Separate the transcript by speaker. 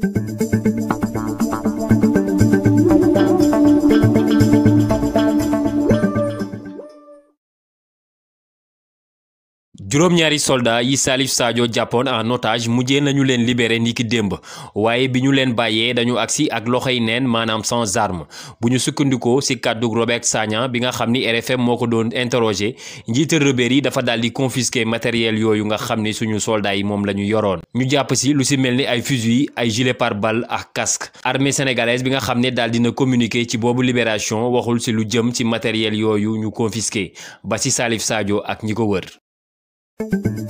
Speaker 1: Thank you.
Speaker 2: juróom-ñaari soldat yi Salif Sadio jàppoon en otage mujjee nañu leen libéré niki démb waaye bi ñu leen bàyyee dañu agsi ak loxoy neen maanaam sans arme bu ñu sukkandikoo ci kàddu Robert Sagna bi nga xam ni RFM moo ko doon interroger njiite rebelle yi dafa daal di confisquer matériel yooyu nga xam ni suñu soldat yi moom la ñu yoroon. ñu jàpp si lu ci mel ni ay fusil ay gilet pare-balles ak casque armée sénégalaise bi nga xam ne daal dina communiquer ci boobu libération waxul ci lu jëm ci matériel yooyu ñu confisqué ba ci Salif Sadio ak ñi ko wër. Thank
Speaker 1: you.